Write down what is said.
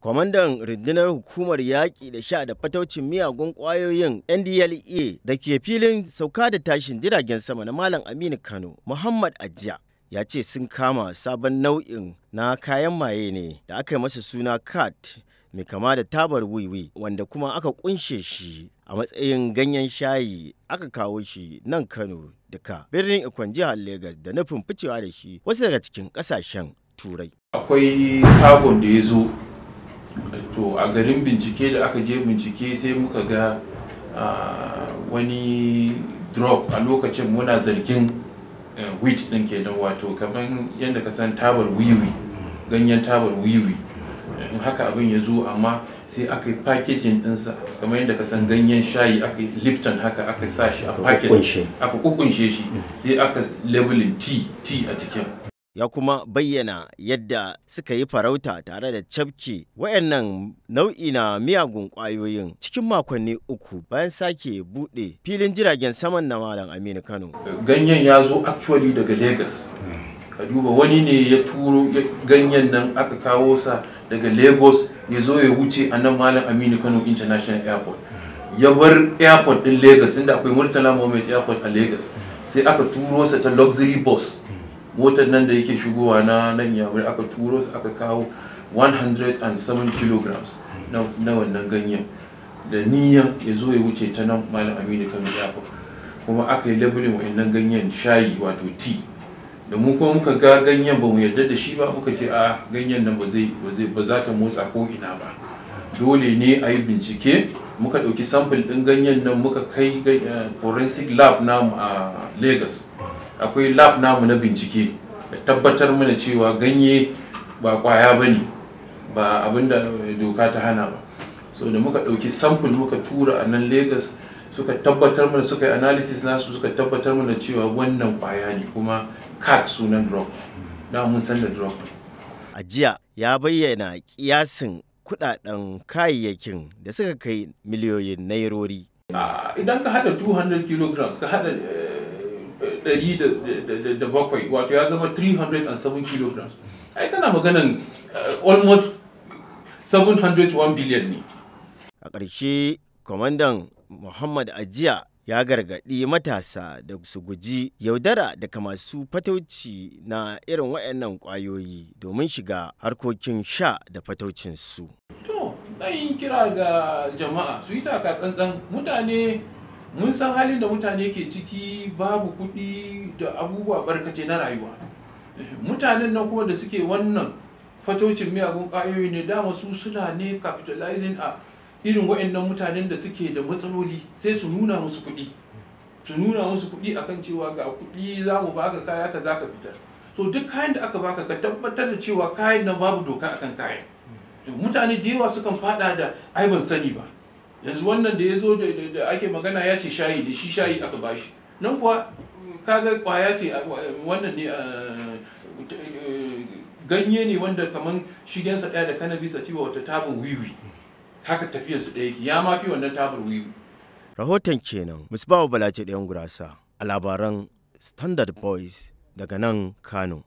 Kwamandan rundunar hukumar yaƙi da sha da fataucin miyagun ƙwayoyin NDLEA da ke filin sauka da tashin jiragen sama na Malam Aminu Kano, Muhammad Ajiya, ya ce sun kama sabon nau'in na kayan maye ne da aka yi masa suna cat mai kama da tabar wiwi wanda kuma aka kunshe shi a matsayin ganyen shayi aka kawo shi nan Kano duka birnin Ikon jihar Legas da nufin ficewa da shi wasu daga cikin ƙasashen Turai. Akwai tagon da ya zo to a garin bincike da aka je bincike sai muka ga wani drug a lokacin muna zargin eh, wheat din kenan wato kamar yadda ka san tabar wiwi ganyen tabar wiwi In haka abin ya zo amma sai aka yi packaging dinsa kamar yadda ka san ganyen shayi aka yi lipton haka aka sa shi a packet aka kukunshe shi mm. sai aka labeling tea a cikin ya kuma bayyana yadda suka yi farauta tare da cafke wayannan nau'i na miyagun kwayoyin cikin makonni uku bayan sake buɗe filin jiragen saman na malam aminu kano ganyen ya zo actually daga lagos a duba wani ne ya turo ganyen nan aka kawo sa daga lagos ya zo ya wuce a nan malam aminu kano international airport ya bar airport din lagos inda akwai murtala moment airport a lagos sai aka turo sa ta luxury bus motar nan da yake shigowa na nan yawon aka turo su aka kawo 107 kilograms na wannan ganyen da niyan ya zo ya wuce ta nan malam aminu kan yafa kuma aka yi labulin wa'annan ganyen shayi wato tea da mu kuma muka ga ganyen ba mu yarda da shi ba muka ce a ganyen nan ba za ta motsa ko ina ba dole ne a yi bincike muka ɗauki sample ɗin ganyen nan muka kai eh, forensic lab namu a lagos akwai lab namu na bincike da tabbatar mana cewa ganye ba kwaya ba ne ba abinda doka ta hana ba so da muka ɗauki sample muka tura a nan lagos suka tabbatar mana suka yi analysis nasu suka tabbatar mana cewa wannan kwaya ne kuma cat sunan drop da mun san da drug a jiya ya bayyana kiyasin kudaden kayayyakin da suka kai miliyoyin nairori idan ka hada 200 kilograms ka hada bakwai wato ya zama 307 kilograms ai kana maganan uh, almost 701 billion ne a ƙarshe kwamandan muhammad ajiya ya gargaɗi matasa da su guji yaudara daga masu fatauci na irin waɗannan ƙwayoyi domin shiga harkokin sha da fataucinsu. To, tsayin kira ga jama'a su yi taka tsantsan mutane mun san halin da mutane ke ciki babu kuɗi da abubuwa barkace na rayuwa eh, mutanen nan kuma da suke wannan fatocin miyagun ƙayoyi ne dama su suna ne capitalizing a irin wa'annan mutanen da suke da matsaloli sai su nuna musu kuɗi su nuna musu kuɗi akan cewa ga kuɗi za mu baka kaya ka za ka fitar to duk kayan da aka baka ka tabbatar da cewa kayan nan babu doka akan kayan hmm. mutane da yawa sukan fada da ai ban sani ba yanzu wannan da ya zo da ake magana ya ce shayi da shi shayi aka bashi nan kuwa kaga kwaya ce wannan ne ganye ne wanda kamar shigensa ɗaya da kanabi a wata tabar wiwi haka tafiyarsu ɗaya yake ya mafi wannan tabar wiwi rahoton kenan musbawa balace ɗayan gurasa a labaran standard boys daga nan kano